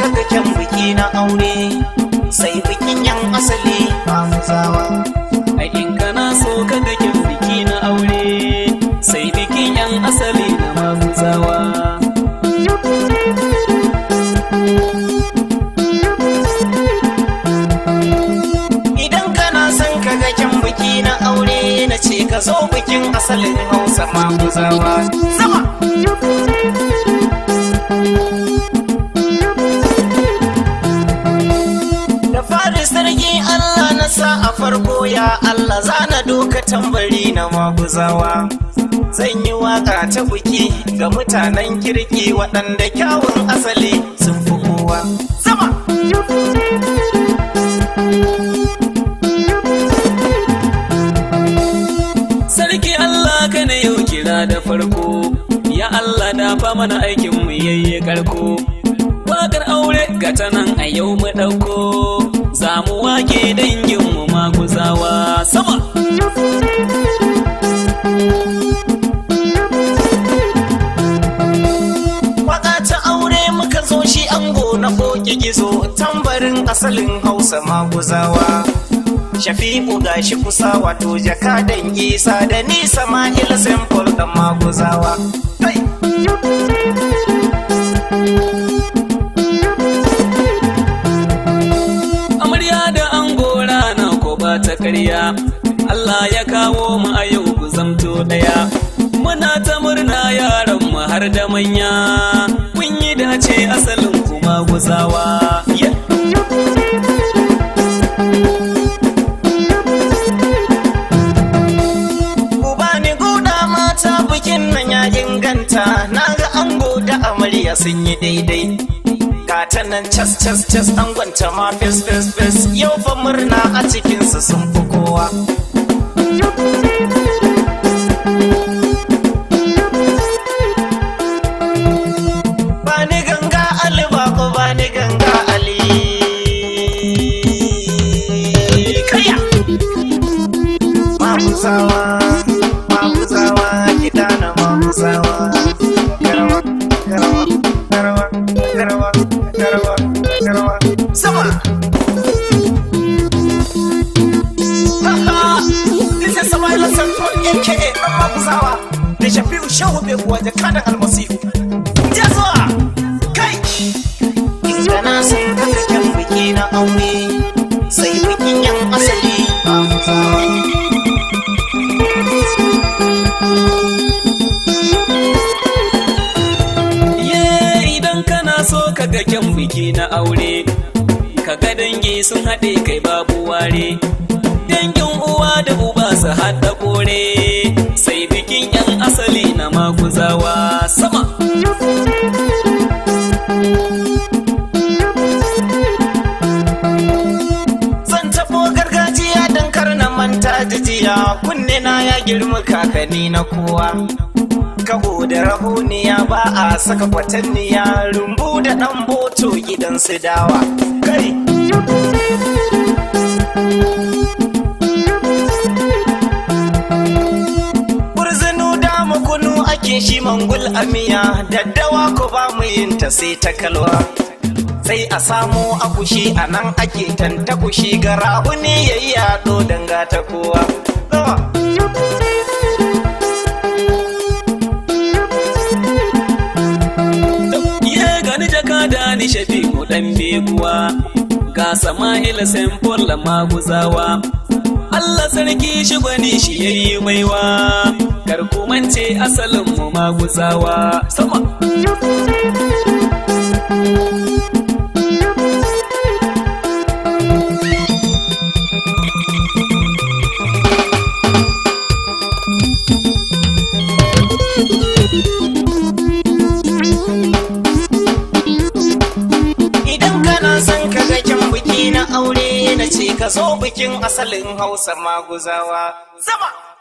tsarkakakken biki na aure sai bikin yan asali ba zawa. a in kana so kakakken biki na aure sai bikin yan asali na mu zawa idan kana son kakakken biki na aure na ce ka zo bikin asalin hausa maguzawa zama sa a farko ya Allah zana doka tambari na maguzawa zan yi waka ta buki ga mutanen kirki waɗanda kyawun asali sun fi kowa sama sarki Allah ka na yau kira da farko ya Allah dafa mana aikin mu yayye karko wakar aure ga ta nan a yau mu ɗauko zamu wake danginmu maguzawa sama aure muka zo shi ango na koki gizo tambarin asalin hausa maguzawa shafi'u gashi kusa wato jaka dan isa da nisa ma'il simple dan maguzawa karya Allah ya kawo mu a yau ku zamto ɗaya muna ta murna yaran mu har da manya kun yi dace asalin kuma guzawa bikin nan ya inganta na ango da amarya sun yi daidai ta nan cas cas cas an gwanta ma fes fes fes yau fa murna a cikinsu sun fi kowa aka ɗan maguzawa da shafi'u shehu bai kuwa da kanan almasihu ya zuwa kai iska na san biki na aure sai bikin yan asali idan kana so ka ga kyan biki na aure kaga dangi sun haɗe kai babu ware dangin uwa da uba su haɗa kore sai bikin yan asali na makuzawa sama zan tafo gargajiya don karna manta jijiya kunne na ya girma kakanni na kowa kaho da rahoniya ba a saka kwatanniya rumbu da ɗan boto gidan su dawa kai Thank you. Kin shi mangul amiya daddawa ko ba mu yin ta sai ta kalwa. Sai a samo agushi a nan ake tantakushi rahuni ne yi yaɗo danga ta kowa. da ni shafi kuɗan kuwa ga sama'ila la maguzawa. Allah sarki shi gwani shi yayi yi maiwa, ku asalinmu asalin mu maguzawa sama ce ka zo bikin asalin Hausa maguzawa. Zama!